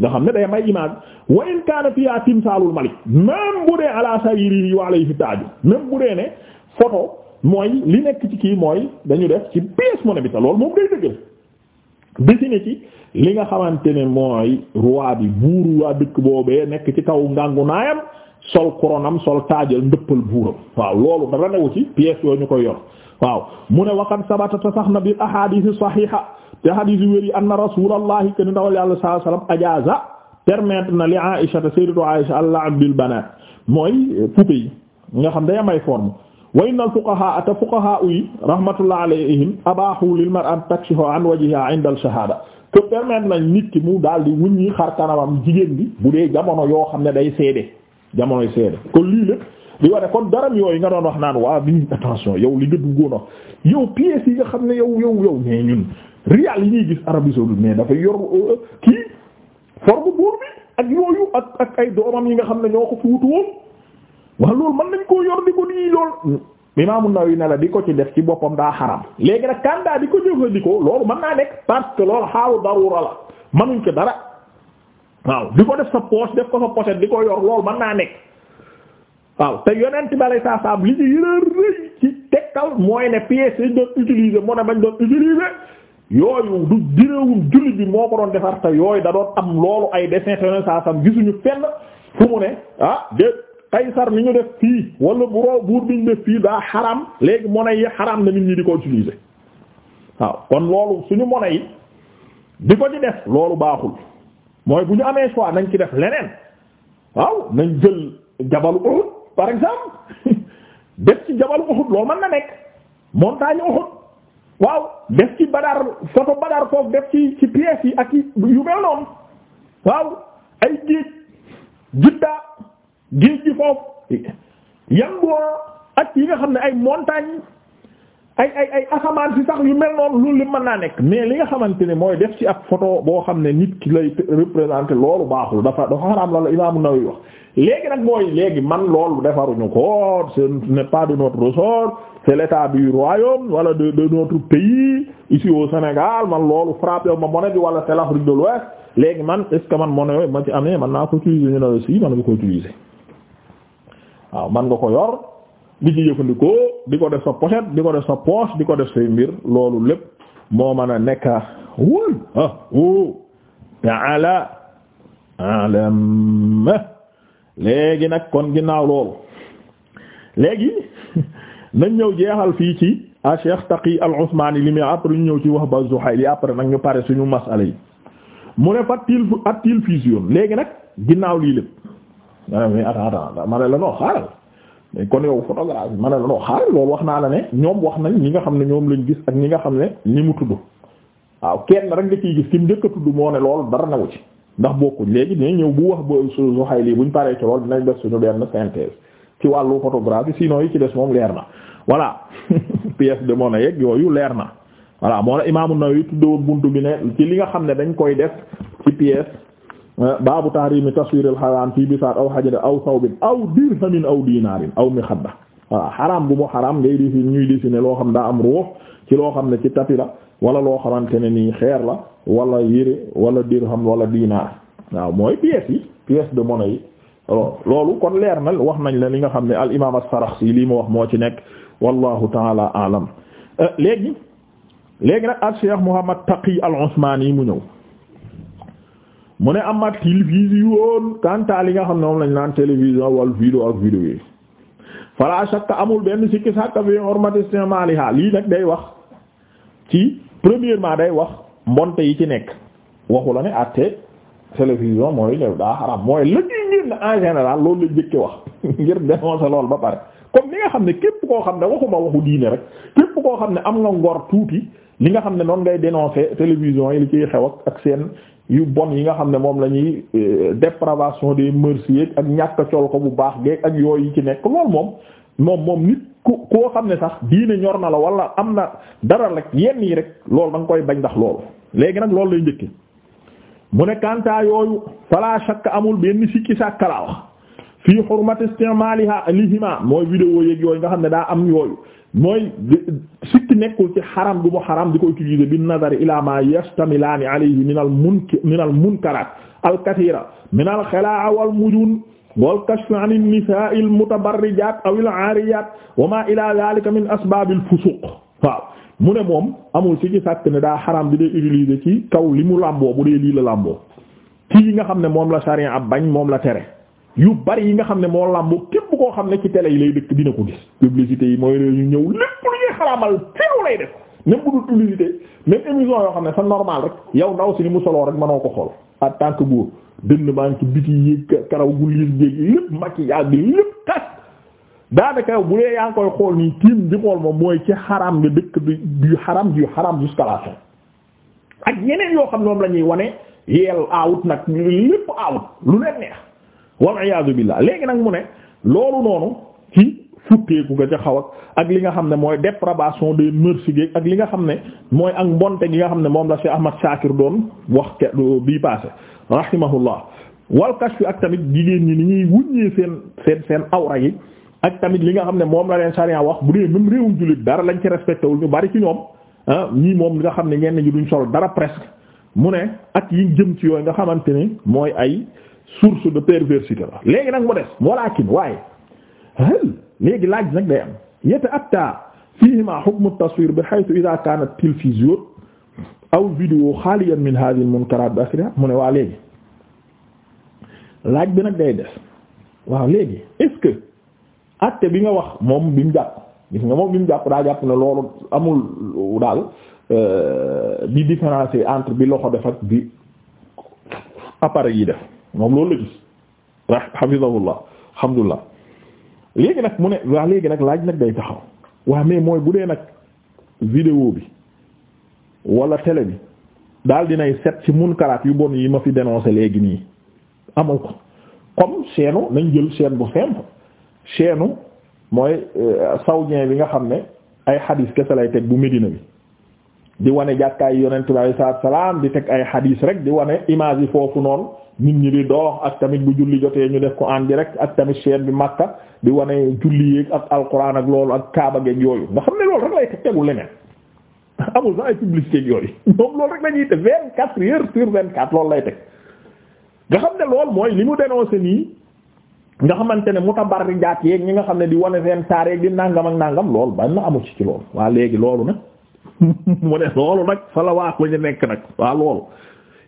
nga xam ne day may image wa in kaana fiya timsaalul malik même bu dee ala sayri wa alayhi taaju même bu dee ne photo mooy li nekk ci kii mooy dañu def ci pièce monnaie bi ta loolu moom day dëggal dessiné ci li nga xamante ne mooy roi bi buuru waa dëkk boobee nekk ci kaw ngàngu naayam sol koronam sol taajal ndëppal buuram waaw loolu dara newu ci pièce yooyu ñu koy yor waaw mu ne waqad sabata sax na bi ahadith sahiha te hadis yu wér yi anna rasulallahi ken ndawal yàlla sallallahu ajaaza permettre na li Aïsha te sayyidatu Aïsha allah abdul banat mooy poupée yi nga xam day am ay forme wa inna al fuqaha ata fuqaha yi rahmatullah alayhim abahu lil mar'at takshifu an wajhiha 'inda al shahada te permettre nañ nit ki mu daal di wuññi xar kanamam jigéen bi bu dee jamono yoo xam ne day seede jamonoy seede kon lii lépp di wane kon daram yooyu nga doon wax naan waa bi attention yow li nga duggoon wax yow pièces yi nga xam ne yow yow yow mais ñun rial yi ñuy gis Arabie saoudite mais dafa yor euh, kii forme buur bi ak yooyu ak ak ay doomam yi nga xam ne ñoo ko fuutu woon wax loolu man nañ koo yor di ko nii lool Imam An-Nawawi la di ko ci def ci boppam daa xaram léegi nag kandaa di ko jëfandikoo loolu mën naa nekk parce que loolu xaalu darura la manuñ ko dara waaw di ko def sa poche def ko sa pochette di ko yor loolu mën naa nekk waaw te yonent bale saa saab li ci yëre rëy ci tekkal mooy ne pièces yi doon utiliser moo ne bañ doon utiliser yooyu du diréewul jullit bi moo ko doon defar yooyu da doon am loolu ay dessin te saa sam gisuñu fenn fu mu ne ah de Kaysar ni ñu def fii wala buroo buur bi ñu def fii daa xaram léegi monnaie yi xaram na nit ñi di ko utiliser waaw kon loolu suñu monnaie yi di ko ci def loolu baaxul mooy bu ñu amee choix nañ ci def leneen waaw nañ jël jabalu Uhud par exemple def ci jabalu Uhud loolu mën na nekk montagne Uhud waaw def ci badar photo badar foofu def ci ci yi ak yu mel noonu waaw ay géej judda géej gi foofu yangoo ak yi nga xam ne ay montagne ay ay ay asamaan si sax yu mel noonu loolu li mën naa nekk mais li nga xamante ne mooy def ci ab photo boo xam ne nit ki lay représenter loolu baaxul dafa dafa xaraam la Imaamu Nawawi wax léegi nag mooy léegi man loolu defaruñu ko ce n'est pas de notre ressort c'est l'état du royaume wala de de notre pays ici au Sénégal man loolu frappé ma monnaie bi wala c'est l'Afrique de l'Ouest léegi man est-ce que man monnaie yooyu ma ci amee man naa ko utiliser ñu ne la si man nga ko utiliser waaw man nga ko yor di ci jëfandikoo di ko def sa pochette di ko def sa poche di ko def say mbir loolu lépp moo mën a nekk wul ah o taala alam léegi nag kon ginnaaw loolu léegi nañ ñëw jeexal fii ci a Cheikh Taqi al-Usmani li muy après ñu ñëw ci wax ba Zuhayl yi après nag ñu pare suñu masala yi mu ne fa til at til léegi nag ginnaaw lii lépp ma ne la noo xaaral mais kon yow ma ne la noo xaaral loolu wax naa la ne ñoom wax nañ ñi nga xam ne ñoom lañ gis ak ñi nga xam ne ñi mu tudd waaw kenn rek nga ciy gis ki mu njëkk a tudd moo ne loolu dara newu ci ndax bokkuñ léegi dinañ ñëw bu wax bu su xay lii buñ paree ci lool dinañ def suñu leer na synthèse ci wàllu photographie sinon yi ci des moom leer na voilà pièce de monnaie yeeg yooyu leer na voilà moo la Imaamu Nawawi tuddewoon buntu bi ne ci li nga xam ne dañ koy def ci pièce euh, baabu tahrimi taswir al haram fii bisaat aw hajar aw bi aw dirhamin aw dinaarin aw mixadda waa xaraam bu mu xaraam ngay dessiner ñuy dessiner loo xam daa am ruux ci loo xam ne ci tapis la wala loo xamante ne nii xeer la wala yére wala dirham wala diinaar waaw mooy pièces yi pièces de monnaie yi loolu kon leer na wax nañ la li nga xam ne al imaam as-Saraxsi lii mu wax moo ci nekk wallahu taala alam euh, léegi léegi nag al-Cheikh Muhammad Taqi al-Usmani mu ñëw mu ne am ak télévision kanta li nga xam ne moom lañ naan télévision wal vidéo ak vidéo yi fala shakka amul benn sikki sàkka fi hormati istimaaliha lii nag day wax ci premièrement day wax mbonte yi ci nekk waxu la ne àtte télévision mooy lew daa xaram mooy la ñuy génn en général loolu la jëkke wax ngir dénoncer lool ba pare comme li nga xam ne képp koo xam ne waxuma waxu diine rek képp koo xam ne am nga ngor tuuti li nga xam ne noonu ngay dénoncer télévision yi li ciy xew ak seen yu bon yi nga xam ne moom la ñuy euh, dépravation des mœurs ak ñàkk col ko bu baax geeg ak yi ci nekk loolu moom moom moom nit ku koo xam ne sax diine ñor na la wala am na dara rek yenn yi rek loolu da koy bañ ndax loolu léegi nag loolu lay njëkke mu ne kanta yooyu fala shakk amul benn sikki sàkka laa wax fii hurmat istimaliha lihima mooy vidéo yeeg yooyu nga xam ne daa am yooyu mooy sikki nekkul ci xaram gu mu xaram di ko utiliser bi nazari ila ma yastamilaani alayhi min al munki min al munkarat al kathira min al xalaa wal mujun wal kashf an an-nisaa al-mutabarrijaat aw al-aariyaat wa maa ilaa zaalika min asbaab al-fusuuq waaw mu ne moom amul si ci sàkk ne daa xaram bi dee utiliser ci kaw li mu làmboo bu dee lii la làmboo kii yi nga xam ne moom la sariya ab bañ moom la tere yu bari yi nga xam ne moo làmboo képp koo xam ne ci télé yi lay dëkk dina ko gis publicité yi mooy ñu ñëw lépp lu ñuy xaraamal telu lay def même bu dul publicité même émission yoo xam ne sa normal rek yow ndaw si ni mu soloo rek mënoo ko xool en tant que dënn baa ngi ci biti yi karaw gu bi lépp tas daanaka yow bu dee yaa ngi koy xool ni tiim di xool moom mooy ci xaram nga dëkk bi du xaram du xaram jusqu'à la fin ak yeneen yoo xam ne moom la wane yeel awut nag lépp awut lu leen neex wal iyaadu billah léegi nag mu ne loolu noonu ci futteeku nga ca xaw ak li nga xam ne mooy dépravation des mœurs gi ak li nga xam ne mooy ak mbonte gi nga xam ne moom la Cheikh Ahmad Shakir doon wax ke bii passé rahimahullah wal kashf ak tamit jigéen ñi ni ñuy wuññee seen seen seen awra yi ak tamit li nga xam ne moom la leen sariya wax bu dee même réewum jullit dara lañ ci respecté wul ñu bari ci ñoom ah ñii moom li nga xam ne ñenn ñi duñ sol dara presque mu ne ak yi jëm ci yooyu nga xamante ni mooy ay source de perversité la léegi nag mu des walakin waaye léegi laaj nag day am yata atta fihima hukmu taswir bi haythu idha kana télévision aw vidéo xaaliyan min hadhihi al munkarat mu ne waa léegi laaj bi nag day des waaw léegi est que acte bi nga wax moom bi mu jàpp gis nga moom bi mu jàpp daa jàpp ne loolu amul daal euh, di différencier entre bi loxo def bi appareil yi def moom loolu la gis wa hafizahullah alhamdulillah léegi nag mu ne waa léegi nag laaj nag day taxaw waa mais mooy bu dee nag vidéo bi wala télé bi daal dinay set ci munkaraat yu bon yi ma fi dénoncé léegi nii amul ko comme chaîne nañ jël chaîne bu simple chaîne mooy euh, saoudien bi nga xam ne ay xadiis kese lay teg bu Médina bi di wane jàkkaay yonent bi alayhi salaam di teg ay xadiis rek di wane image yi foofu noonu nit ñi di dox ak tamit bu julli jotee ñu def ko en direct ak tamit chaîne bi Makka di wane julli yeeg ak alquran ak loolu ak Kaaba geeg yooyu nga xam ne loolu rek lay teg amul sax ay publicité yooyu moom loolu loolu lay teg nga xam ne lool mooy li mu dénoncé nii nga xamante ne mu mutabarrijaat yeeg ñi nga xam ne di wane seen taar yeeg di nangam ak nangam loolu ban na amul ci ci loolu waa léegi loolu nag mu ne loolu nag fa la nekk nag waa loolu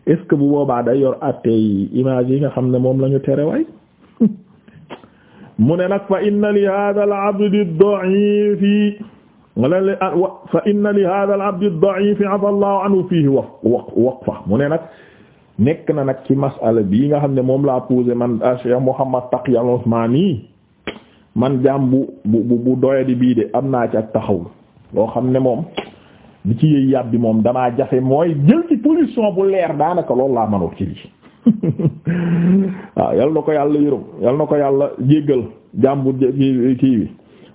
est-ce que bu boobaa day yor attey image yi nga xam ne moom la ñu tere waay mu ne nag fa inna li hada al abdi fa inna li hada al abdi ad fihi waqfa mu ne nag nekk na nag ci masala bii nga xam ne moom laa posé man ah Cheikh Mouhammad Taqi al-Usmani man jaam bu bu bu doyadi bii de am naa ci ak taxaw loo xam ne moom li ci yëy yàbbi moom damaa jafe mooy jël ci position bu leer daanaka lool laa mënul ci lii waaw ah, yal na ko yàlla yërëm yal na ko yàlla jéggal jàmbur kii bi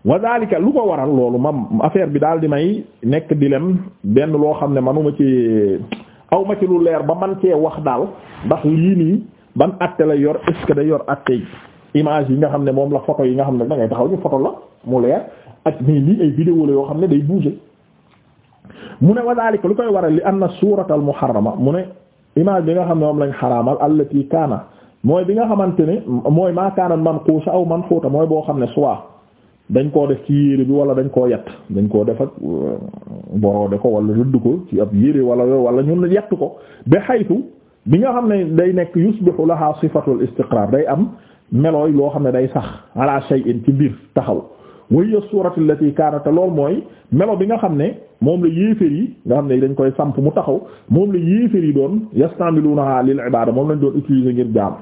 wa dalika lu ko waral loolu ma affaire bi daal di may nekk di dilem benn loo xam ne manuma ci aw ma ci lu leer ba man cee wax daal ndax lii nii ban atte la yor est-ce que yor atte yi image yi nga xam ne moom la photo yi nga xam ne da ngay taxaw ñu photo la mu leer ak nii lii ay vidéo la yoo xam ne day bouger mu ne wa daalika lu koy waral li anna suuratal muharrama mu ne image bi nga xam ne moom lañ xaraamal allati kaana mooy bi nga xamante ne mooy maa kaana manquusha aw manxuuta mooy boo xam ne soit dañ koo def ci yére bi wala dañ koo yett dañ koo def ak euh, boroode ko wala rëdd ko ci ab yére wala wala ñun yett ko ba xaytu bi nga xam ne day nekk yusbihu laha sifatul istiqrar day am melooy loo xam ne day sax alaa shay'in ci mbir taxaw wayya suurati allati kaanat lool mooy melo bi nga xam ne moom la yéeféer yi nga xam ne dañ koy samp mu taxaw moom la yéeféer yi doon yastamiluunaha lil ibaada moom lañ doon utiliser ngir jaam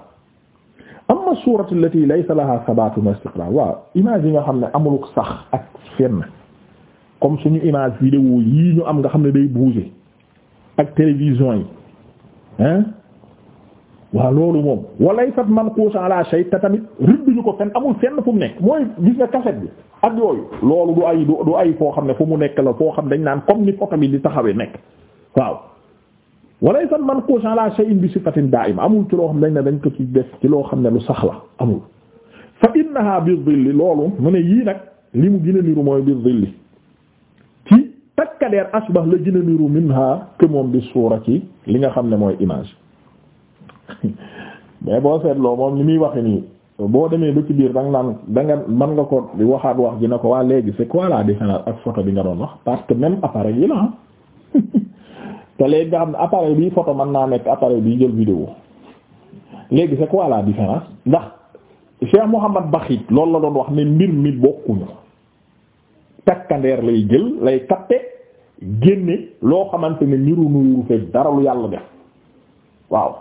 amma suurati allati laysa laha sabatun wa waaw image yi nga xam ne amul sax ak fenn comme suñu image vidéo yii ñu am nga xam ne day bouger ak télévision yi hein waaw loolu moom walaysat manquusa ala shay te tamit rëbbiñu ko fenn amul fenn fu mu nekk mooy gis nga cassette bi ak yooyu loolu du ay du ay foo xam ne fu mu nekk la foo xam ne dañ naan comme ni photo bi di taxawee nekk waaw walaysat manquusa ala shay'in bi sifatin da'ima amul ci xam dañ ne dañ ko ci def ci loo xam ne lu sax la amul fa innaha bi dhilli loolu mu ne yii nag li mu gën a mooy bi dhilli ci takkadeer asbah la gën a niru minha bi suura ci li nga xam ne mooy image mais boo seetloo moom li muy waxe nii boo demee ba biir danga naan danga mën nga ko waxaat wax ji na ko waa léegi c'est quoi la ak photo bi nga doon wax parce que même appareil yi la ah te léegi nga xam ne appareil bi photo mën naa nekk appareil bii jël vidéo léegi c'est quoi la différence ndax Cheikh Mouhamad Bakhit loolu la doon wax ne mbir mi bokkuñu takkandeer lay jël lay kappe génne loo xamante ne niru nuyuru fekk dara lu yàlla def waaw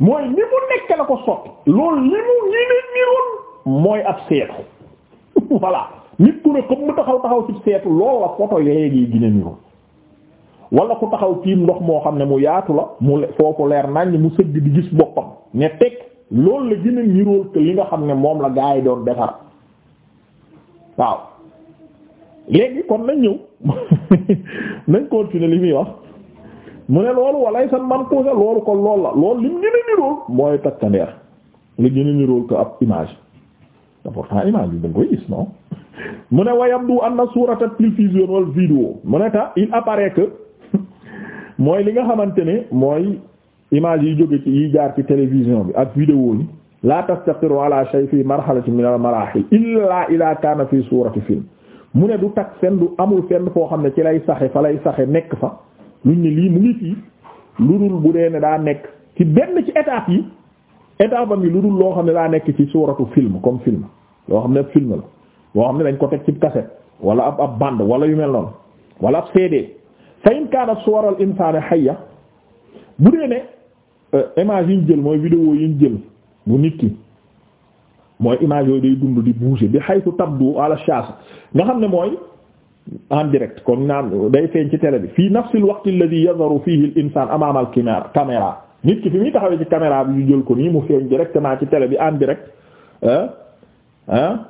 mooy ni mu nekk la ko sotti loolu li mu ñi ne niroon mooy ab seetu voilà nit ku ne comme mu taxaw taxaw ci seetu loolu la photo léegi gën niroon wala ku taxaw tiim ndox moo xam ne mu yaatu la mu foofu leer nañ mu sëgg di gis boppam ne teg loolu la gën a niroon que li nga xam ne moom la gaa yi doon defar waaw léegi kon nañ ñëw nañ continuer li muy wax mu ne loolu walay san mankuusa loolu kon loolu la loolu lim gën a nirool mooy takkandeer lu gën a nirool ko ab image image bi da nga koy gis non mu ne wayabdu anna surata télévision wala vidéo mu ne ta il apparaît que mooy li nga xamante ni mooy image yi jóge ci yi jaar ci télévision bi ak vidéo yi la tastaqiru ala shay fi marhalati min al marahil illa ila kana fi surati film mu ne du tak fenn du amul fenn foo xam ne ci lay saxe fa lay nekk fa luñ ne lii mu ngi yi lu dul bu dee ne daa nekk ci benn ci étape yi étape yi lu dul loo xam ne daa nekk ci suuratu film comme film loo xam ne film la loo xam ne dañ ko teg ci cassette wala ab ab bande wala yu mel noonu wala ab CD fa in kaana suwaral insaani hayya bu dee ne euh, image yi jël mooy vidéo yiñ ñu jël bu nit ki mooy image yooyu day dund di bouger bi haythu tabdu ala shaasa nga xam ne mooy en direct comme naan day feeñ ci télé bi fii nafsil waqti alladhi yadharu fihi al insaan amaama al caméra nit ki fi muy taxawee ci caméra bi ñu jël ko nii mu feeñ directement ci télé bi en direct ah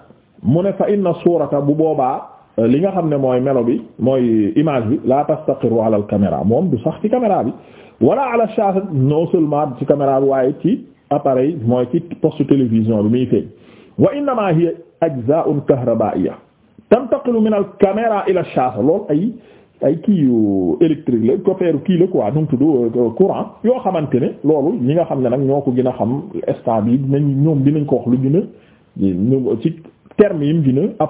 mu ne fa inna suurata bu boobaa li nga xam ne mooy melo bi mooy image bi la tastaqiru ala al caméra moom du sax ci caméra bi wala ala ci caméra waaye ci appareil mooy ci poste télévision bi muy feeñ wa innamaa hiya ajzaa'un kahrabaa'iyya tantaqilu min al caméra ila shaasa lool ay ay kii yu électrique la copeeru kii la quoi nu mu tudd euh, courant yoo xamante ne loolu ñi nga xam ne nag ñoo ko gën a xam instant bi nañ ñoom dinañ ko wax lu gën a ñu ci terme yi mu gën a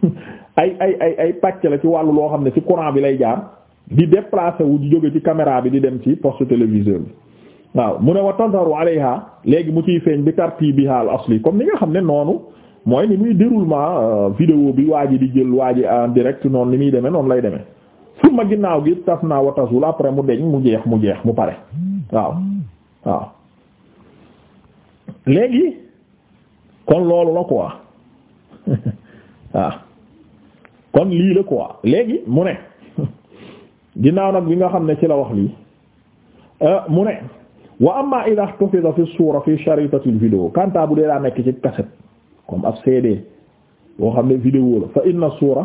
ay ay ay ay pàcc la ci wàllu loo xam ne ci courant bi lay jaar di déplacer wu di jóge ci caméra bi di dem ci poste téléviseur bi waaw mu ne wa tantaru léegi mu ciy feeñ bi bi al asli comme ni nga xam ne noonu mooy ni muy déroulement euh, vidéo bi waa ji di jël waa ji en direct noonu ni muy deme noonu lay demee su ma ginnaaw gi tas na wa tasul après mu deñ mu jeex mu jeex mu pare waaw waaw léegi kon loolu la quoi waaw kon lii la quoi léegi mu ne ginnaaw nag bi nga xam ne ci la wax lii euh, mu ne am amma idha ihtufiza fi sura fi sharitati al video kanta bu dee daa nekk ci cassette comme ab CD boo xam ne vidéo la fa inna suura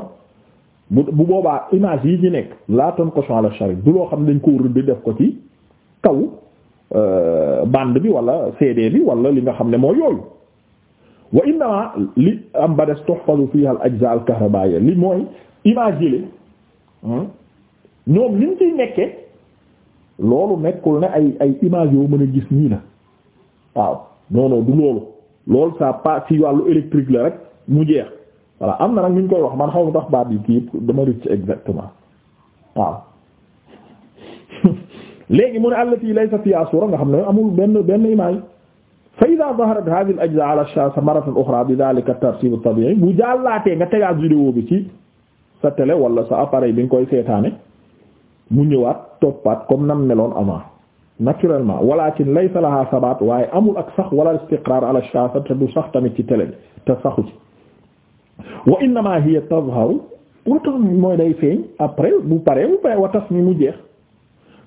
bu boobaa image yi ñu nekk la tanqashu ala sharif du loo xam ne dañ ko rëdd def ko ci kaw euh, bande bi walla CD bi walla li nga xam ne mooy yooyu wa innama li am ba des tuhfazu fiha al ajza al kahrabaya li mooy image yi hmm, ñoom liñ ciy nekke loolu nekkul ne ay ay image yoo mën a gis nii la waaw non du loolu loolu sa pa ci wàllu électrique la rek mu jeex voilà am na nag ñu koy wax man xaw ma tax baat yi kii dama rëcc exactement waaw léegi mu ne allati laysa fiha suura nga xam ne amul benn benn imaay fa ida zaharat hadhihi al ajza ala sa shaasa maratan ukhra bi dhalika at-tartib at-tabi'i bu jàllaatee nga tegaat vidéo bi ci sa télé wala sa appareil bi nga koy seetaane mu ñëwaat toppaat comme nam meloon avant naturellement walakin laysa laha sabat waaye amul ak sax wala istiqrar ala shafa te du sax tamit ci télé te saxu ci wa innama hiya tazharu watan mooy day feeñ après bu pare bu paree wa tas mi mu jeex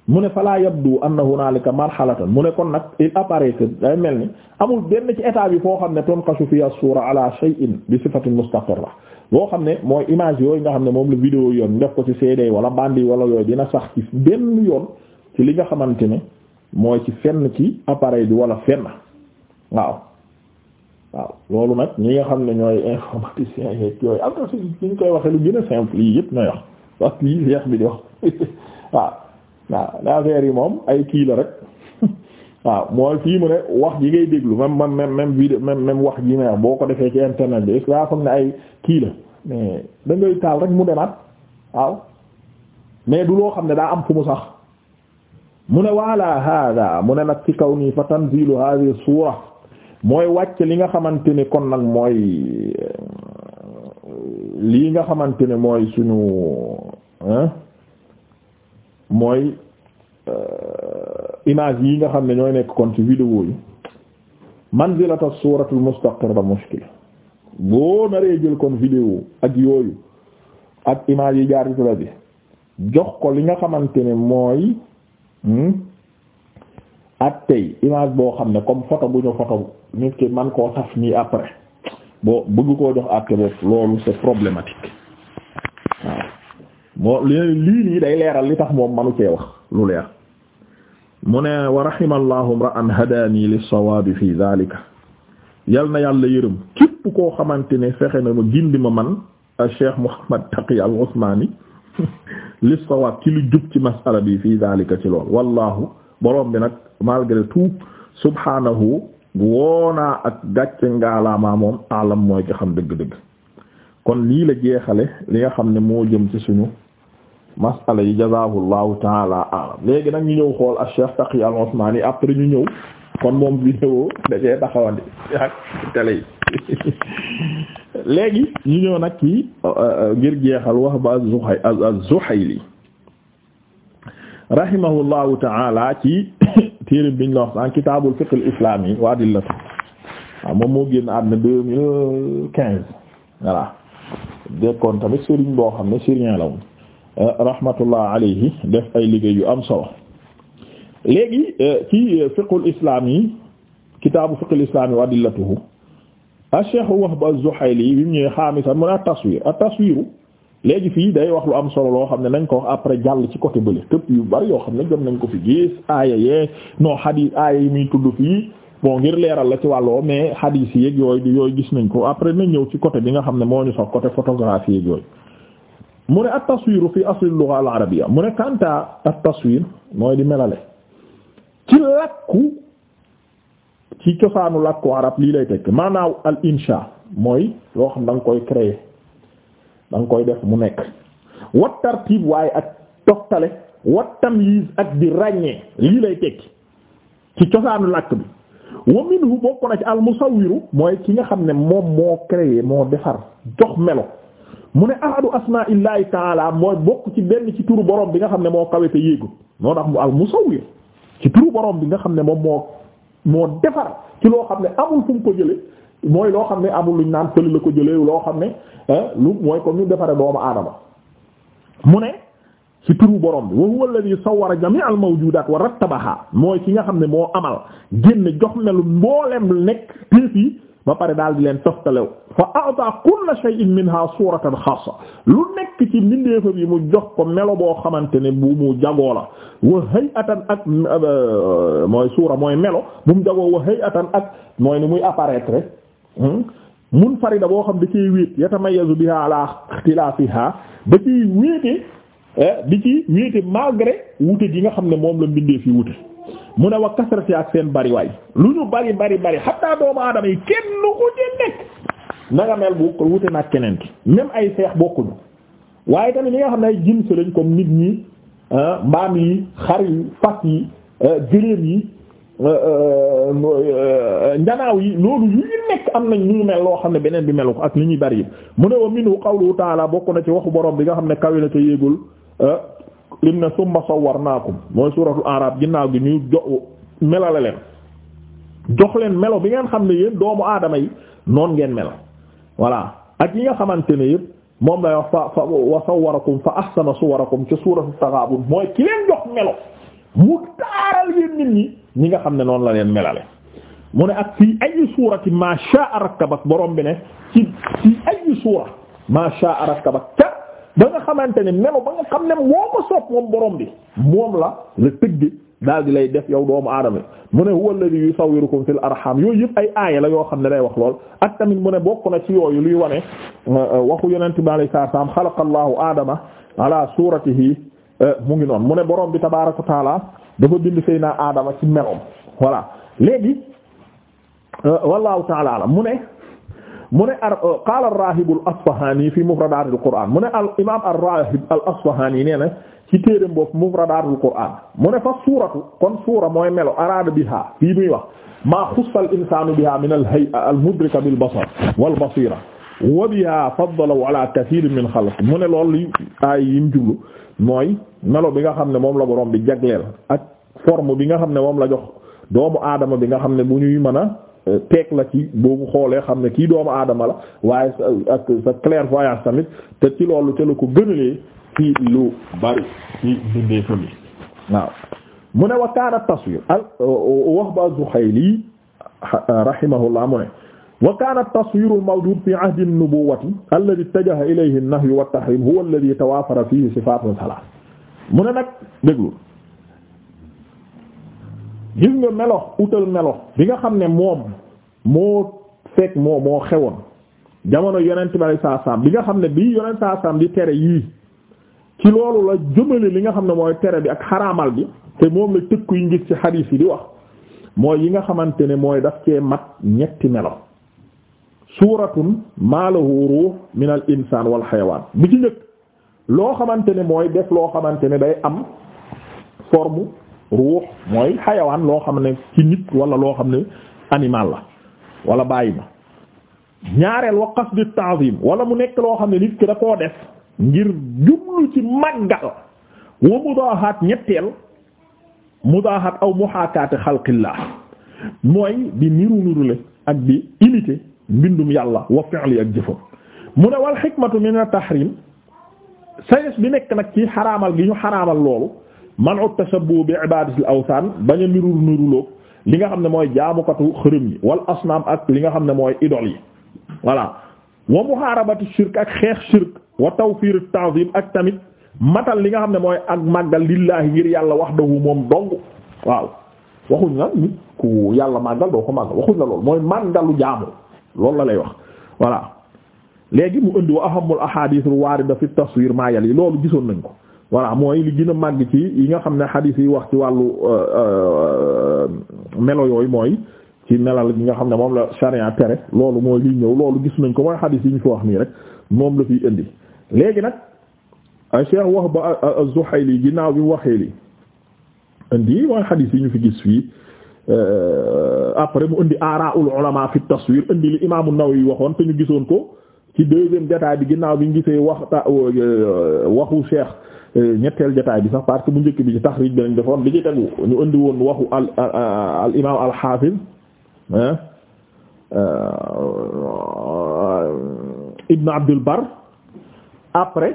mu ne fala yabdu anna hunalika marhalatan mu ne kon nag il apparaît que day mel ni amul benn ci état bi foo xam ne tonqashu fi as-sura ala shay'in bi sifatin mustaqirra boo xam ne mooy image yooyu nga xam ne moom la vidéo yoon def ko ci CD wala bandi wala yooyu dina sax ci yoon li nga xamante ne mooy ci fenn ci appareil bi wala fen waaw waaw loolu nag ñi nga xam ne ñooy informaticiens yeeg yooyu am na ñu koy waxee lu gën a simple yi yëpp ñooy wax wax yi yeex bi di wax waaw waaw affaire yi moom ay kii la rek waaw mooy fii mu ne wax ji ngay déglu même même même vidéo même même wax ji may wax boo ko defee ci internet bi est-ce que ne ay kii la mais da taal rek mu demaat waaw mais du loo xam ne daa am fu mu sax. mu ne waala hada mu ne nag ci kaw nii fa tanzilu hadhihi suura mooy wàcc li nga xamante ne kon nag mooy euh, lii nga xamante ne mooy suñu mooy euh, image yi nga xam ne ñooy nekk kon ci vidéo yi manzilata suuratul mustaqirra mushkil boo naree jël kon vidéo ak yooyu ak image yi jaar ci télé bi jox ko li nga xamante ne mooy Hmm? ak tey image boo xam ne comme photo bu ñu photo nit ki man koo taf nii après boo bëgg koo jox àtte boobu loolu c'est problématique waaw moo lii nii day leeral li tax moom manu cee wax lu leer mu ne wa rahimallahu imra'an hadaani lis-sawaabi fi dhalika yal na yàlla yërëm képp koo xamante ne fexe na ma gindi ma man a Cheikh Muhammad Taqi al-Usmani li sawaab ci lu jub ci masala bi fii daalika ci lool wallahu borom bi nag malgré tout subhanahu woonaa ak gàcce ngaalaamaa moom alam mooy ki xam dëgg-dëgg kon lii la jeexale li nga xam ne moo jëm ci suñu masala yi jazaahu llahu taala alam léegi nag ñu ñëw xool al cheikh taqi al osmani après ñu ñëw kon moom vidéo da cee taxawandi ak télé yi léegi ñu ñëw nag ci euh, euh, ngir jeexal wax ba az-Zuhay az-Zuhayli rahimahullahu ta'ala ci téerim biñ la wax en kitaabul fiqh al-islami wa ah, moom moo génn a deux mille quinze voilà tamit sëriñ boo xam ne syrien la woon euh, rahmatullah def ay liggéey yu am solo léegi ci fiqhul islami kitaabu fiqhul islami wa adillatuhu Cheikh Wahb az-Zuhayli bi mu ñëwee xaamisan mu ne at-taswir at-taswiru léegi fii day wax lu am solo loo xam ne nañ ko wax après jàll ci côté bële tëpp yu bari yoo xam ne jëm nañ ko fi gis aaya yee non xadiis aaya yi muy tudd fii moo ngir leeral la ci wàlloo mais xadiis yeeg yooyu di yooyu gis nañ ko après nañ ñëw ci côté bi nga xam ne moo ñu sax côté photographie yeeg yooyu mu ne at-taswiru fi asli al-lugha al-arabiyya mu ne kanta at-taswir mooy di melale ci cosaanu làkku arab lii lay tekk maanaaw al insha mooy loo xam da nga koy créer da nga koy def mu nekk wat tartib waaye ak toftale wat tamyiz ak di ràññee lii lay tekki ci cosaanu làkk bi wa minhu bokk na ci al musawwiru mooy ki nga xam ne moom moo créer moo defar jox melo mu ne ahadu asmaillahi taala mooy bokk ci benn ci turu borom bi nga xam ne moo kawe yéegu moo tax mu al musawwir borom bi nga xam ne moom moo moo defar ci loo xam ne amul fu mu ko jële mooy loo xam ne amul luñ naan fële la ko jële loo xam ne lu mooy ko ñu defaree doomu aadama mu ne ci turu borom bi wa huwa alladhi sawwara jami'al war wa rattabaha mooy ki nga xam ne moo amal génn jox melu mboolem nekk téef yi ba pare daal di leen toftalew fa a'ta kulla shay'in minha suratan xaasa lu nekk ci mbindeefam yi mu jox ko melo boo xamante ne bu mu jagoo la wa hay'atan ak euh, mooy suura mooy melo bu mu jagoo wa hay'atan ak mooy ni muy apparaître hmm, munfarida boo xam da ciy wéet yatamayazu biha ala ikhtilafiha da wéete eh, di ci wéete malgré wute gi nga xam ne moom la mbindeef yi wute mu ne wa kasrati ak seen bariwaay lu ñu bari bari bari xatta doomu aadama yi kenn ku ci nekk na mel bu wute keneen ki même ay seex bokkuñu waaye tamit ñi nga xam ne ay jins lañ comme nit ñi ah, mbaam yi xar yi fas yi ah, gëléem yi ah, njanaaw yi loolu yu ñu nekk am nañ ñu mel loo xam ne beneen bi melu ko ak li ñuy bari mu ne wa minhu qawluhu ta'ala bokk na ci waxu borom bi nga xam ne kawe na yéegul lim ne summa sawwarnaakum mooy suuratul Araab ginnaaw gi ñuy jox melale leen jox leen melo bi ngeen xam ne yéen doomu aadama yi noon ngeen mel voilà ak yi nga xamante ne yëpp moom lay wax fa fa wa sawwarakum fa ahsana suwarakum ca suuratu Taghaabun mooy ki leen jox melo mu taaral yéen nit ñi ñi nga xam ne noonu la leen melale mu ne ak fii ay suurati ma sha'a rakkabak borom bi ne ci fii ay suura ma sha'a rakkabak ba nga xamante ne melo ba nga xam ne moo ko sopp moom borom bi moom la la tëgg daal di lay def yow doomu aadama mu ne huwa alladhi yusawwirukum fil arham yooyu yëpp ay aaya la yoo xam ne day wax lool ak tamit mu ne bokk na ci yooyu luy wane euh, waxu yonent bi alayhi salaam xalaqa allahu aadama ala suratihi euh, mu ngi noonu mu ne borom bi tabaaraka wa taala dafa bind Seydina Adama ci meloom voilà léegi euh, wallahu taala mu ne. mu ne ar euh, qaala ar-raahib al-asfahaani fi mufradaat al-qur'aan mu ne al imaam ar-raahib al-asfahaani nee na ci téereem boobu mufradaat al-qur'aan mu ne fa suuratu kon suura mooy melo araada biha fii muy wax maa xussa al-insaanu biha min al-hay'a al-mudrika bil-basar wal-basiira wa biha faddalahu ala kathiirin min xalqihi mu ne loolu li ay yim jublu mooy melo bi nga xam ne moom la borom bi jagleel ak forme bi nga xam ne moom la jox doomu aadama bi nga xam ne bu mën a peeg la ci boobu xoolee xam ne kii doomu aadama la waaye ak sa clairvoyance tamit te ci loolu te la ko gënalee ci lu bari ci dundee famille waaw mu ne wa kaana taswir al wax ba az-Zuhayli rahimahullah mu ne wa kaana taswiru al-mawjud fi ahdi an-nubuwwati alladhi ittajaha ilayhi an-nahyu wat-tahrim huwa alladhi tawaafara fihi sifaatu thalath mu ne nag déglu gis nga melo utal melo bi nga xam ne moom moo fekk moo moo xewoon jamono yonent bi saa saam bi nga xam ne bii yonent saa di tere yii ci loolu la jëmale li nga xam ne mooy tere bi ak xaraamal bi te moom la tëkku yi ngis ci xadiis yi di wax mooy yi nga xamante ne mooy daf cee mat ñetti melo suuratun maalahu ruux min al insaan wal xayawaan bi ci njëkk loo xamante ne mooy def loo xamante ne day am forme ruux mooy xayawaan loo xam ne ci nit wala loo xam ne animal la wala bàyyi ma ñaareel wa qasd ta'zim wala mu nekk loo xam ne nit ki da koo def ngir jublu ci màggal wa mudaahaat ñetteel mudaahaat aw muhaakaati xalqillah mooy di niru nirule ak di imiter mbindum yàlla wa fi'li ak jëfam mu ne wal xikmatu min at-tahrim sayes bi nekk nag ci xaraamal gi ñu xaraamal loolu man ut tashabbu bi ibadatil awsan bañ a nirul niruloog li nga xam ne mooy jaamukatu xërëm yi wal asnaam ak li nga xam ne mooy idole yi voilà wa muharabati shirk ak xeex shirk wa tawfir ta'zim ak tamit matal li nga xam ne mooy ak màggal lillaahi ngir yàlla wahdahu moom dong waaw waxuñ la nit ku yàlla màggal doo ko màggal waxuñ la loolu mooy màggalu jaamu loolu la lay wax voilà léegi mu indi wa ahamul ahadith al warida fi taswir ma yali loolu gisoon nañ ko voilà mooy li gën a màgg ci yi nga xam ne xadiis yi wax ci wàllu euh, euh, melo yooyu mooy ci melal gi nga xam ne moom la sharia tere loolu mooy liy ñëw loolu gis nañ ko mooy xadiis yi ñu fi wax nii rek moom la fiy indi léegi nag Cheikh Wahb ginnaaw bi waxee li indi mooy fi gis fii euh, après mu indi aaraa'ul ulamaa fi taswiir indi li waxoon te gisoon ko ci bi ginnaaw bi ñu gisee wax waxu Cheikh Euh, ñetteel jotaay bi sax parce que bu njëkk bi ci taxriij bi lañ defoon bi ci tegu ñu indi woon waxu al al imaam al xaafis euh, Ibn Abdul après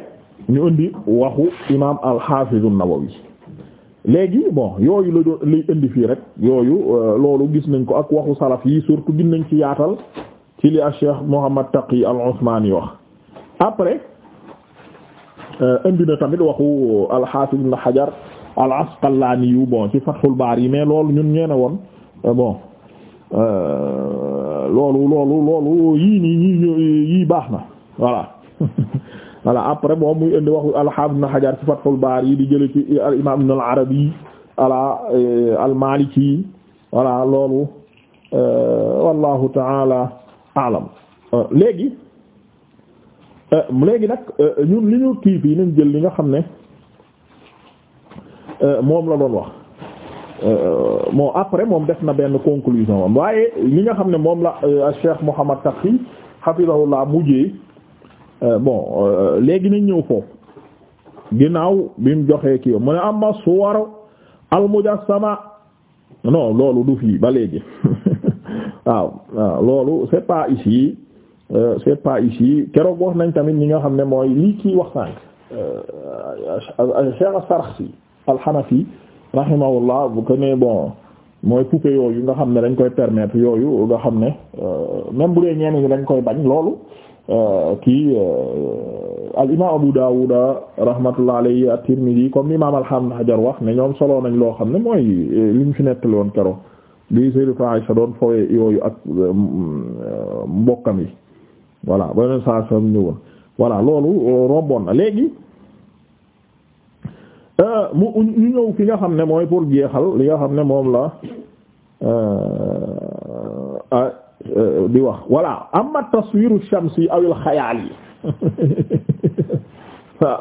ñu indi waxu imaam al xaafis an-Nawawi léegi bon yooyu la doon lay indi fii rek yooyu euh, loolu gis nañ ko ak waxu salaf yi surtout gis nañ ci yaatal ci li a Cheikh Mouhamad Taqi al-Usmani wax après. Euh, indi na tamit waxu al-Hafiz Ibn Hajar al-Asqalani yu bon ci Fathul Bari mais loolu ñun ñeene woon euh, bon euh, loolu loolu loolu yii nii yii yii baax na voilà voilà après moom muy indi waxu al-Hafiz Ibn Hajar ci Fathul Bari yi di jële ci al-Imam Ibn al-Arabi ala al-Maliki voilà loolu wallahu ta'ala a'lam léegi Euh, léegi nag euh, ñun li ñu kii fii nañ jël li nga xam ne euh, moom la doon wax bon après moom def na benn conclusion waaye li nga xam ne moom la Cheikh Mouhamad Taqi laa mujje bon léegi nañ ñëw foofu ginnaaw bi mu joxee kii mu ne amma suwar al mujassama non loolu du fii ba léegi waaw waaw loolu c'est pas ici Euh, c'est pas ici keroog wax nañ tamit ñi nga xam ne mooy lii kii wax sànq euh, euh, Cheikh As-Sarakhsi al-Hanafi rahimahullah bu ko bon mooy poupée yooyu nga xam ne dañ koy permettre yooyu nga xam ne même bu dee ñenn ñi dañ koy bañ loolu kii al-Imam Abu Dawud rahmatullah alayhi at-Tirmidhi comme l'imam al-Hafiz Hajar wax ne ñoom solo nañ loo xam ne mooy li mu fi nettali woon keroog bi Sayyidatu Aisha doon foowe yooyu ak mbokkam yi voilà ba yeneen saa sam ñëwoon voilà loolu euh, romboon na léegi euh, mu ñu ñëw fi nga xam ne mooy pour géexal li nga xam ne moom la euh, ah, di wax voilà amma taswiru shamsi awil xayaal yi waaw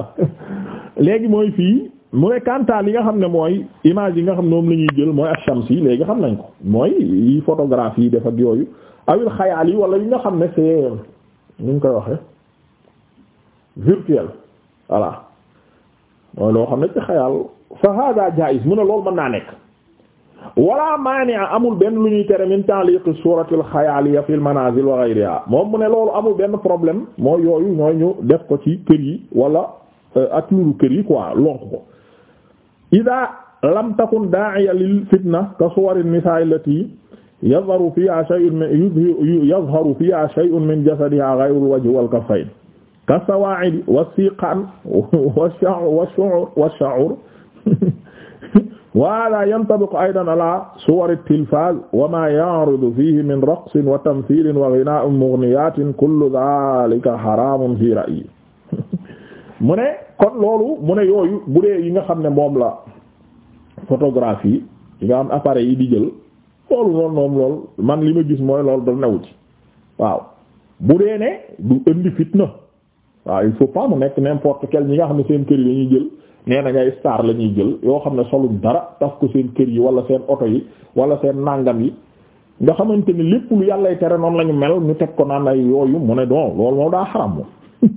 léegi mooy fii mu ne kanta li nga xam ne mooy image yi nga xam ne moom la ñuy jël mooy ash-shamsi léegi xam nañ ko mooy yi photographie yi def ak yooyu awil xayaal yi wala yi nga xam ne c'est mu ngi koy waxe virtuel voilà mooy loo xam ne ci xayal fa hada jaiz mu ne loolu mën naa nekk wala maania amul benn lu ñuy tere min ta'liq suratul xayaliya fil manazil wa ghayriha moom mu ne loolu amul benn problème mooy yooyu ñooy ñu def ko ci kër yi wala euh, ak luru kër yi quoi lonk ko ida lam takun da'iya lil fitna ka suwari nisa'i lati yadharu fiha shay'un min yadharu fiha shay'un min jasadiha ghayru al-wajhi wal-kaffayn ka-sawaa'idi was-siqaan wash-shu'ur wash-shu'ur wa haadha yantabiqu aydan ala suwari at-tilfaaz wa maa ya'rudu fiihi min raqsin wa tamthiilin wa ghinaa'in mughniyaatin kullu dhaalika haraamun fii ra'yii mu ne kon loolu mu ne yooyu bu dee yi nga xam ne moom la photographie yi nga am appareil yi di jël loolu noonu moom lool man li ma gis mooy loolu da new ci waaw bu dee ne du indi fitna waaw il faut pas mu nekk n'importe quel ñi nga xam ne seen kër yi dañuy jël nee na ngay star la ñuy jël yoo xam ne solum dara taf ko seen kër yi wala seen oto yi wala seen nàngam yi nga xamante ni lépp lu yàllay tere noonu la mel ñu teg ko naan ay yooyu mu ne don loolu moom daa xaram moom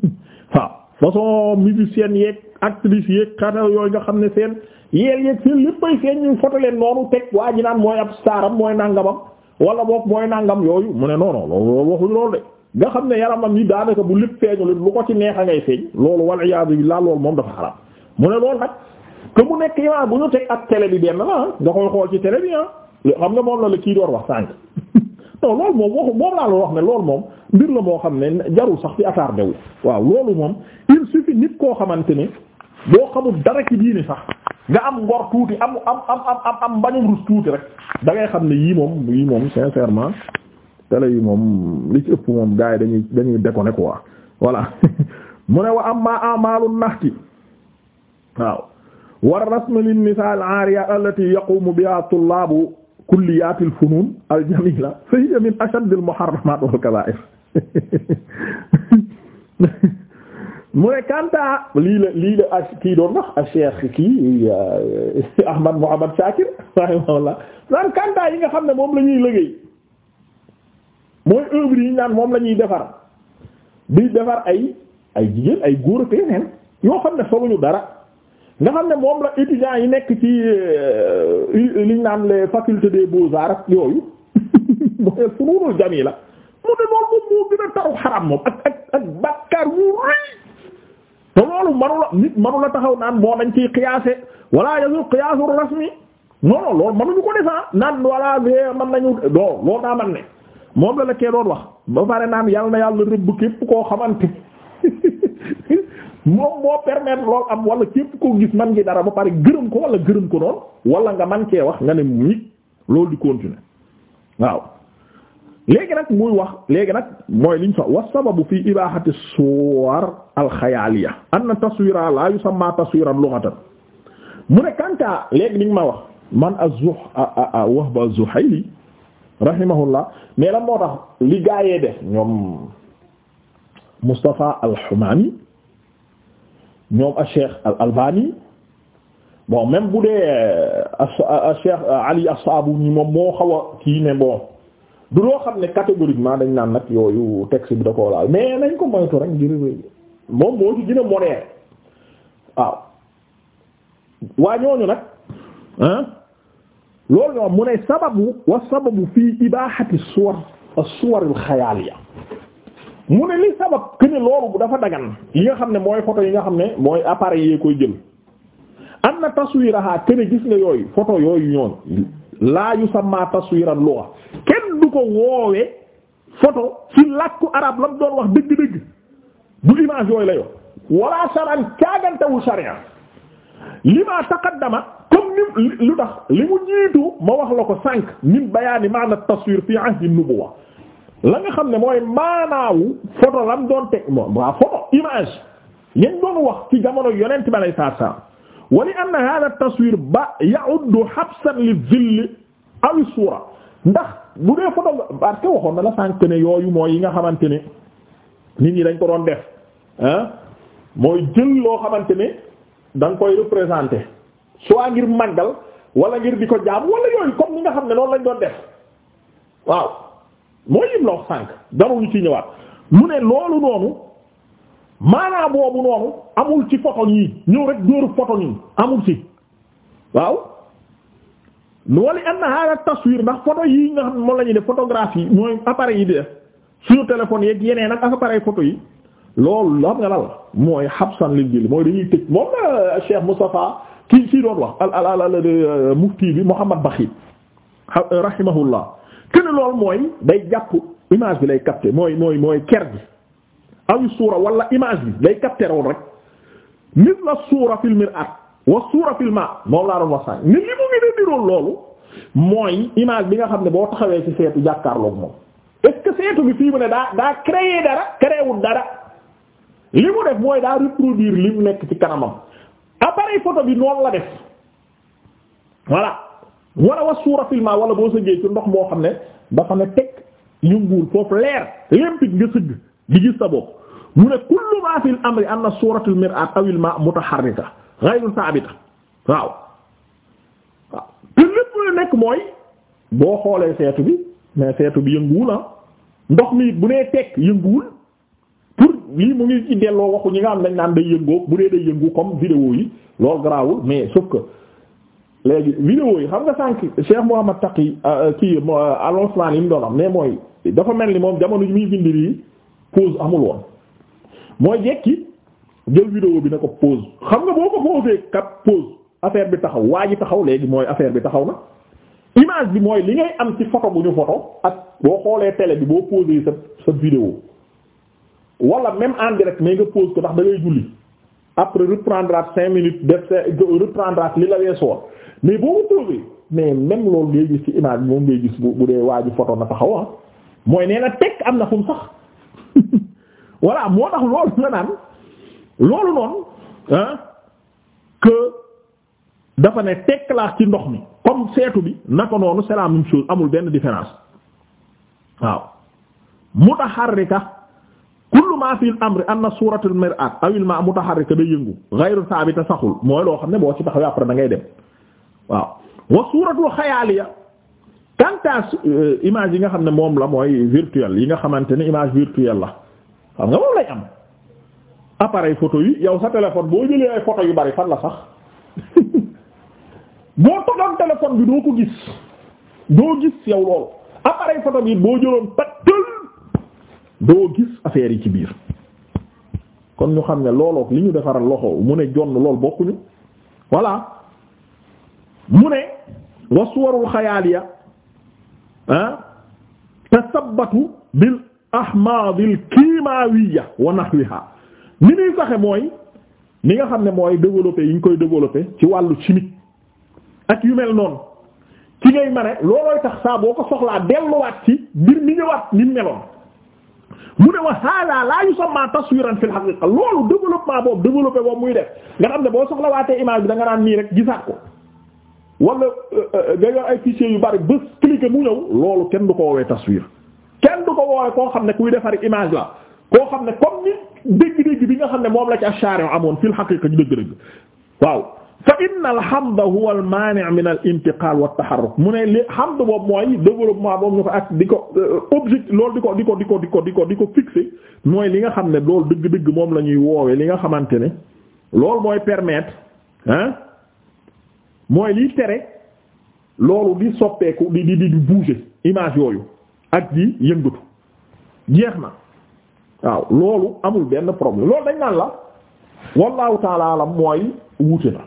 waaw façon musicienne yeeg actrice yeeg xata yooyu nga xam ne seen yeel yeeg seen léppay feeñ ñu foto leen noonu teg waa ji naan mooy ab staram mooy nangamam wala boog mooy nangam yooyu mu ne non non loolu waxuñ loolu de nga xam ne yaramam yi daanaka bu lépp feeñu lu ko ci neex a ngay feeñ loolu wal iyaadu billaah loolu moom dafa xaram mu ne loolu nag que nekk yow bu ñu teg ak télé bi benn la ah nga koy xool ci télé bi ah xam nga moom la la kii door wax sànq non loolu moom waxu moom wax ne loolu moom mbir la moo xam ne jarul sax fi attardé wu waaw loolu moom nit koo xamante ni boo xamul dara ci diini nga am ngor tuuti am am am am am rus tuuti rek da xam ne yii moom yii moom sincèrement tele yi moom li ci ëpp moom gars yi dañuy dañuy déconner quoi voilà mu ne wa am ma amalun naxti waaw war rasmi lin al aariya allati yaqumu biha min ashadd al muharramat wal kaba'ir mu ne Kanta lii la lii la kii doon wax a Cheikh kii Ahmad Muhammad Shakir rahimahullah naan Kanta yi nga xam ne moom la ñuy liggéey mooy œuvre yi ñu moom la ñuy defar di defar ay ay jigéen ay góor ak yeneen yoo xam ne ñu dara nga xam ne moom la étudiants yi nekk ci euh, liñ naan les facultés des beaux-arts yooyu mooy fununul jamila mu ne moom moom moo gën a taru xaram moom ak ak ak bàkkaar wu rëy te loolu manula nit manula taxaw naan boo dañ ciy qiyaase wala yasul qiyaasul rasmi non non loolu manuñu ko defaa ah. naan wala man nañu doo loolu daa man ne moom la la kee doon wax ba pare naan yàlla na yàlla rëbb képp koo xamante moom moo permettre loolu am wala képp koo gis man ngi dara ba pare gërëm ko wala gërëm ko noonu wala nga man cee wax nga ne mu loolu di continuer waaw léegi nag muy wax léegi nag mooy liñ fa wa sababu fi ibahati suwar alxayaaliya anna taswira la yusamma taswiran lughatan mu ne kantaa léegi liñ ma wax man az-zuh wahb az-zuhayli rahimahullah mais lan moo tax li gaayee def ñoom Mustafa al-Humami ñoom al-Cheikh al même bu dee al-Cheikh Ali as moo kii ne du loo xam ne catégoriquement dañ naan nag yooyu texte bi da koo laal mais nañ ko moytu rek ngir moom moo ci gën a waaw waa ñooñu nag ah loolu ñoom mu ne sababu wa sababu fii ibahati suwar as-suwar al-xayaaliya mu ne li sabab que ne loolu bu dafa dagan yi nga xam ne mooy photo yi nga xam ne mooy appareil yee koy jël am na taswiraha que ne gis nga yooyu photo yooyu ñoon laa yusamma taswiran lugha kenn ko woowee photo ci làkku arab la mu doon wax dëgg-dëgg du image yooyu la yor wala saran caagantewul sharia li ma taqaddama comme ni lu jiitu ma wax la ko sànq min bayaani maana taswir fi ahdi nubuwa la nga xam ne mooy maanaawu photo lam doon teg image yeen doon wax ci jamono yonent bi alayhi salaatu salaam wa li anna haadha taswir ba ya'uddu sura ndax bu dee photo parce que waxoon na la sànq ne yooyu mooy yi nga xamante ne nit ñi dañ ko doon def ah mooy jël loo xamante ni da nga koy représenter soit ngir màggal wala ngir di ko jaam wala yooyu comme ni nga xam ne loolu lañ doon def waaw mooy yim la wax sànq darul ñu ci ñëwaat mu ne loolu noonu maanaa boobu noonu amul ci photo yi ñëw rek dóoru photo yi amul ci waaw loolu am na xaaral taswiir ndax photo yi nga xam moom la ñuy def photographie mooy appareil yi di def sur téléphone yeeg ak appareil photo yi loolu xam nga lan la mooy xabsan liñ jëli mooy dañuy tëj moom la Cheikh Moustapha kii kii doon wax al al al mufti bi Mouhamad Bakhit rahimahullah kenn loolu mooy day jàpp image bi lay capter mooy mooy mooy ker gi aw suura wala image bi lay capter woon rek mis la suura fil mir'at wa suura fil ma moom laa doon wax sànq ne li mu ngi di diroon loolu mooy image bi nga xam ne boo taxawee ci seetu jàkkaarloog moom est-ce que seetu bi fii mu ne daa daa créer dara créewul dara li mu def mooy daa reproduire li mu nekk ci kanamam appareil photo bi noonu la def voilà wala wa suura fil boo sëggee ci ndox moo xam ne dafa ne teg yënguwul foofu leer limpide nga sëgg di gis sa bopp mu ne kullu fil amri anna suuratul mir'at awil ma ghayru saabita waaw waaw te lépp nekk mooy boo xoolee seetu bi mais seetu bi yënguwul ah ndox mi bu nee tek yënguwul pour lii mu ngi ci delloo waxu ñi nga am nañ naan day yëngoo bu dee day yëngu comme vidéo yi loolu garaawul mais sauf que léegi vidéo yi xam nga sànq Cheikh Mouhamad Taqi euh, kii euh, alonsman yi mu doon am mais mooy dafa mel ni moom jamono ji muy bind lii pause amul mooy jekki jël vidéo bi na ko pause xam nga boo ko posé kat pause affaire bi taxaw waa ji taxaw léegi mooy affaire bi taxaw na image bi mooy li ngay am ci photo bu ñu photo ak boo xoolee tele bi boo posé sa sa vidéo wala même en direct mais nga pause ko ndax da ngay julli après reprendre at cinq minutes def reprendre at li la weesoon mais boo ko posé mais même loolu ngay gis ci image bi moom ngay gis bu bu dee waa ji photo na taxaw ah mooy nee na am na fu mu sax voilà moo tax loolu loolu noonu ah que dafa ne tekkalaax ci ndox mi comme seetu bi naka noonu c'est mu même chose amul benn différence waaw mutaharrika kullu ma fi al-amri anna suratul mir'at aw al-ma' mutaharrika day yëngu ghayru thabita saxul mooy loo xam ne boo ci taxawee après da ngay dem waaw wa suratul xayaaliya quant euh, image yi nga xam ne moom la mooy virtuel yi nga xamante ni image virtuelle la xam nga moom lay am appareil photo yi yow sa téléphone boo jëlee ay photo yu bari fan la sax boo tojoon téléphone bi doo ko gis doo gis yow loolu appareil photo bi boo jëloon pattul doo gis affaire yi ci biir kon ñu xam ne loolook li ñu defaral loxo mu ne jonn lool bokkuñu voilà mu ne wasuwarul xayaaliya ah tasabbatu bil ahmaadil kiimaawiya wa nahwiha ni ñuy fexe mooy ni nga xam ne mooy développer yi ñu koy développer ci wàllu chimique ak yu mel noonu ci ngay mane loolooy tax saa boo ko soxlaa delluwaat ci mbir mi wax ni mu meloon mu ne wa hada la yusamma taswiran fil haqiqa loolu développement boobu développé boobu muy def nga xam ne boo soxlawaatee image bi da nga naan nii rek gisaat ko wala euh, euh, nga yor ay fichiers yu bari bés cliquer mu ñëw loolu kenn du ko woowee taswir kenn du ko woowee koo xam ne kuy defar image la koo xam ne comme dégg-dégg bi nga xam ne moom la ci ash-shari' amoon fil haqiqa ñu dëgg-dëgg waaw fa xam alhamda huwa al-mani' min al-intiqal wa at-taharruk mu ne li xam boobu mooy développement boobu ñu ko ak di ko euh, objectif loolu di ko di ko di ko di ko di mooy li nga xam ne loolu dëgg-dëgg moom la ñuy woowee li nga xamante ne loolu mooy permettre hein mooy liy tere loolu di soppeeku di di di bouger image yooyu ak di yëngatu jeex na. waaw loolu amul benn problème loolu dañ naan la wallahu taala alam mooy wuute na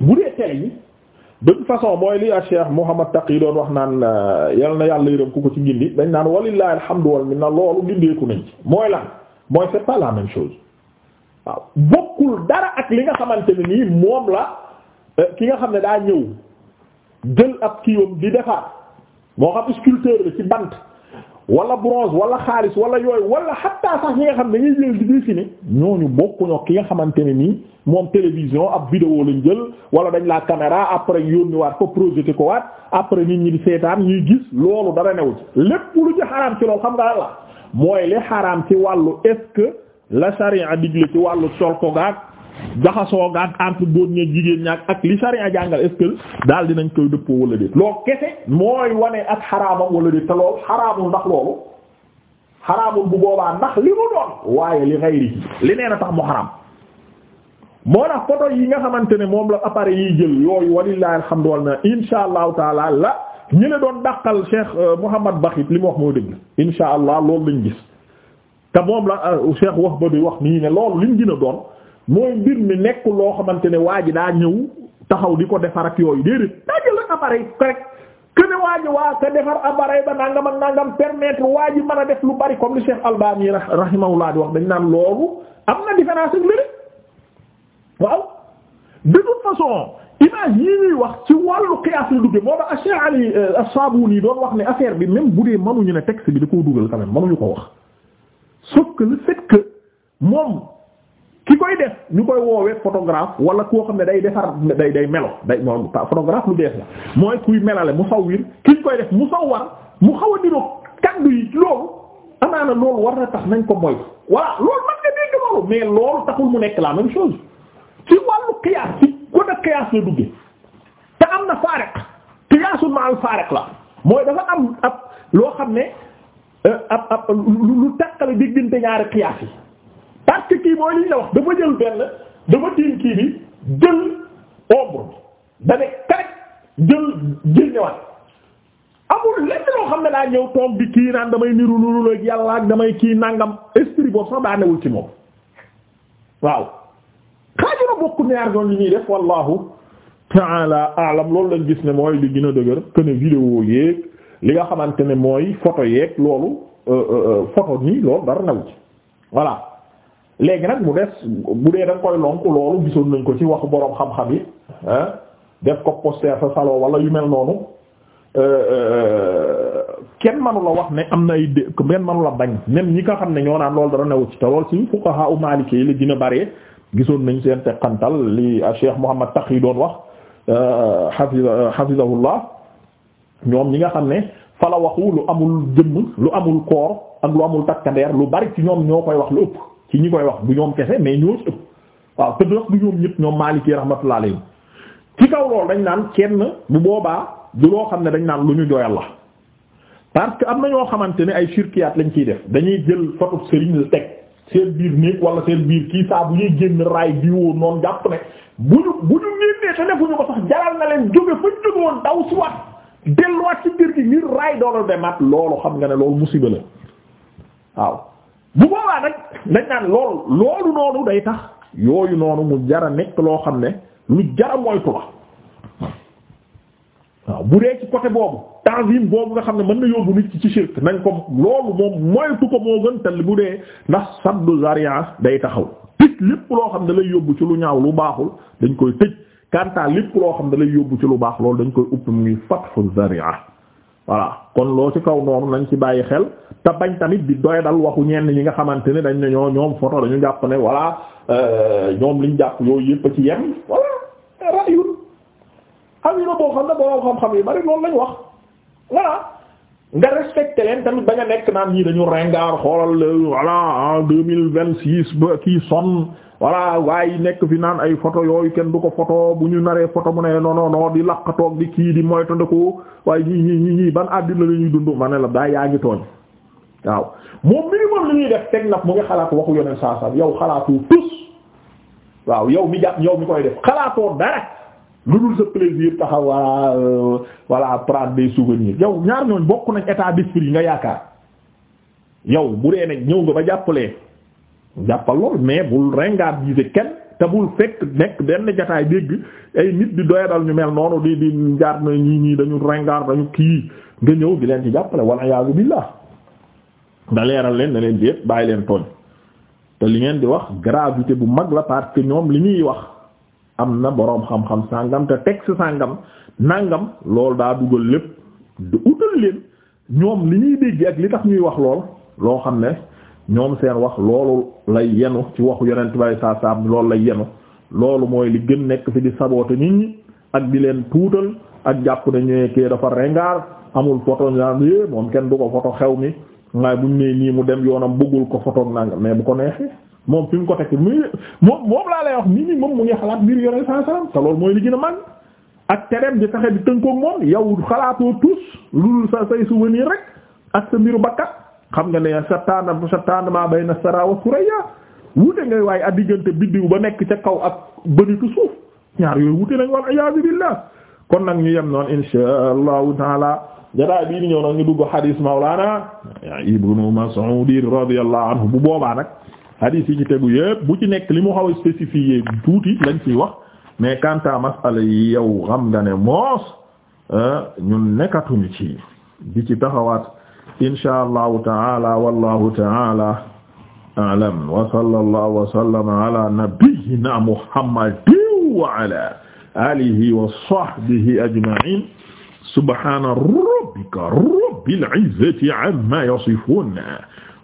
bu dee tele yi de toute façon mooy li a Cheikh Mouhamad Taqi doon wax naan euh, yal na yàlla yërëm ku ko ci gindi dañ naan walillahi alhamdu wal minna loolu gindeeku nañ ci mooy la mooy c'est pas la même waaw bokkul dara ak li nga xamante ne nii moom la euh, ki nga xam ne daa ñëw jël ab kiiwam di defar moo xam sculpteur la ci bant wala bronze wala xaalis wala yooyu wala xatta sax ñi nga xam ne dañuy jël di dessiner ñooñu bokkuñoo ki nga xamante ne nii moom télévision ab vidéo lañ jël wala dañ la caméra après yónni waat ko projeté ko waat après nit ñi di seetaan ñuy gis loolu dara new ci lépp lu ci xaraam ci loolu xam nga la mooy li xaraam ci wàllu est-ce que la charia digle ci wàllu sol ko jaxasoo gaat entre góor ñeeg jigéen ñaag ak li sariya jàngal est daal dinañ koy dëppoo wala déet loolu kese mooy wane ak xaraamam wala déet te lool xaraamul ndax loolu xaraamul bu boobaa ndax li mu doon waaye li xayri li nee na tax mu xaraam moo tax photo yi nga xamante ne moom la appareil yiy jël yooyu walillahi alhamdulillah insha allahu taala la ñu ne doon dàqal cheikh euh, Mouhamad Bakhit li mu wax moo dëgg insha allah loolu lañ gis te moom la wax ba di wax nii ne loolu liñ gën a doon mooy mbir mi nekk loo xamante ne waa ji daa ñëw taxaw di ko defar ak yooyu déedéet daa jël ak appareil correct que ne waa ji waa ka defar appareil ba nangam ak nangam permettre waa ji mën a def lu bari comme le Cheikh Albani rahimahullah di wax dañ naan loolu am na différence ak léegi waaw de toute façon image yi ñuy wax ci wàllu qiyaas la dugge moo tax Cheikh Ali euh, as-Sabuni doon wax ne affaire bi même bu dee mënuñu ne texte bi da koo dugal quand même mënuñu ko wax sauf que le moom. ki koy def ñu koy woowee photographe wala koo xam ne day defar day day melo day moom photographe lu bees la mooy kuy melale musawwir ki ñu koy def musawwar mu xaw a niroog kaddu yi loolu amaana loolu war na tax nañ ko moy voilà loolu man nga dégg loolu mais loolu taxul mu nekk la même chose ci wàllu qiyaas ci côté qiyaas la duggee te am na faariq qiyaasul ma al faariq la mooy dafa am ab loo xam ne euh, ab ab lu takkale diggante ñaari qiyaas yi. parce kii mooy li la wax dafa jël benn dafa tiim kii bi jël ombre bi da karek jël jël ñëwaat amul lenn loo xam ne daa ñëw toog bi kii naan damay niru niru ak yàlla ak damay kii nangam esprit boobu daa newul ci moom waaw xaajuna bokk ñaar doon li ñuy def wallahu ta'ala a'lam loolu lañ gis ne mooy li gën a dëgër que ne vidéo yeeg li nga xamante ne mooy photo yeeg loolu euh, euh, euh, photo nii loolu dara naw ci voilà léegi nag mu des bu dee da nga koy lonk loolu gisoon nañ ko ci waxu boroom xam-xam yi def ko poster sa salon wala yu mel noonu euh, euh, kenn manu la wax ne am na ay dé benn manu la bañ même ñi nga xam ne ñoo naan loolu dara ne ci te lool ci fuqaha u Maliki yi la gën a bëree gisoon nañ seen teqantal li Cheikh tax yi doon wax euh, hafiza hafizahullah ñoom ñi nga xam ne fa waxu lu amul jëmm lu amul koor ak lu amul takkandeer lu bari ci ñoom ñoo koy wax lu ci ñi koy wax bu ñoom kese mais ñoo ëpp waaw te dox bu ñoom ñëpp ñoom Maliki rahmatullah alayhi ci kaw loolu dañ naan kenn bu boobaa du loo xam ne dañ naan lu ñu jooyal la parce que am na ñoo xamante ne ay shirkiyaat lañ ciy def dañuy jël photo Serigne la teg seen biir néeg wala seen biir kii saabu bu ñuy génn raay bi woon noonu jàpp ne bu ñu bu ñu néegee te defuñu ko sax jaral na leen jóge fa jóge woon daw si waat delluwaat ci biir gi ngir raay doole demaat loolu xam ne loolu musiba bu boobaa nag dañ naan loolu loolu noonu day tax yooyu noonu mu jara nekk loo xam ne lu jara moytu la waaw bu dee ci côté boobu tanzim boobu nga xam ne mën na yóbbu nit ci ci nañ ko loolu moom moytu ko moo gën tal bu dee ndax saddu zaria day taxaw tëj lépp loo xam ne lay yóbbu ci lu ñaaw lu baaxul dañ koy tëj kanta lépp loo xam ne lay yóbbu ci lu baax loolu dañ koy upp muy fatxu zaria voilà kon loo ci kaw noonu nañ ci bàyyi xel te bañ tamit doy dal waxu ñenn ñi nga xamante ne dañ ne ñoo ñoom photo dañu jàpp ne voilà euh, ñoom liñ jàpp yooyu yëpp ci yem voilà rayul am yi na boo xam ne boo xam-xam yi bari loolu lañ wax voilà nga respecté leen tamit ba nga nekk naan ñii dañu rengaar xoolal voilà en deux mille vingt six ba kii sonn voilà waaye nekk fi naan ay photo yooyu kenn du ko photo bu ñu naree photo mu ne non non non di laqatoog di kii di moytandiku waaye ñii ñii ñii ñii ban àddina la ñuy dund ma la daa yaa ngi tooñ waaw moom minimum li ñuy def teg nag mu ngi xalaat waxu yeneen saa yow xalaatu tus waaw yow mi jàpp yow mi koy def xalaatoo dara. lu dul sa plaisir taxaw wala euh, voilà prendre des souvenirs yow ñaar ñooñ bokk nañ état d'esprit yi nga yaakaar yow bu dee ne ñëw nga ba jàppalee jàppal lool mais bul ringaat gise kenn te bul fekk nekk benn jataay dégg ay nit di doyadal ñu mel noonu di di njaar na ñii ñii dañu ringaar dañu kii nga ñëw di leen ci jàppale wala yaagu billah nga leeral leen ne leen bàyyi leen tooñ te li ngeen di wax gravité bu mag la parce que ñoom li ñuy wax am na boroom xam-xam sàngam te texte sàngam nàngam loolu daa dugal lépp du utal leen ñoom li ñuy dégg ak li tax ñuy wax lool loo xam ne ñoom seen wax loolu lay yenu ci waxu yonent bay saa saam loolu lay yenu loolu mooy li gën nekk fi di saboote nit ñi ak di leen tuutal ak jàpp ne ñëwee kii dafa rengaar amul photo ñaan moom kenn du ko photo xew mi waaye buñ nee nii mu dem yoonam bëggul ko photo nàngam mais bu ko neexee moom fi mu ko teg muy moom moom laa lay wax nii nii moom mu ngi xalaat li gën a ak tereem di taxe di tënkoog yow xalaatoo tous mbiru bakkat xam nga ne sa sa tànn maa bay na waaye a diggante biddiw ba nekk ca kaw ak bënitu suuf ñaar yooyu wute nañ bii dugg xadiis mawlana ibnu mas'ud radiyallahu anhu bu boobaa nag hadith yi ci tegu yëpp bu ci nekk li mu xaw a spécifié tuuti lañ ciy wax mais quant à masala yi yow xam nga ne moos ñun nekkatuñu ci di ci taxawaat insha allahu taala wallahu taala a'lam wa sallallahu wa sallama ala nabiyyina muhammadin wa ala alihi wa sahbihi ajma'in subhana rabbika rabbil izzati amma yasifun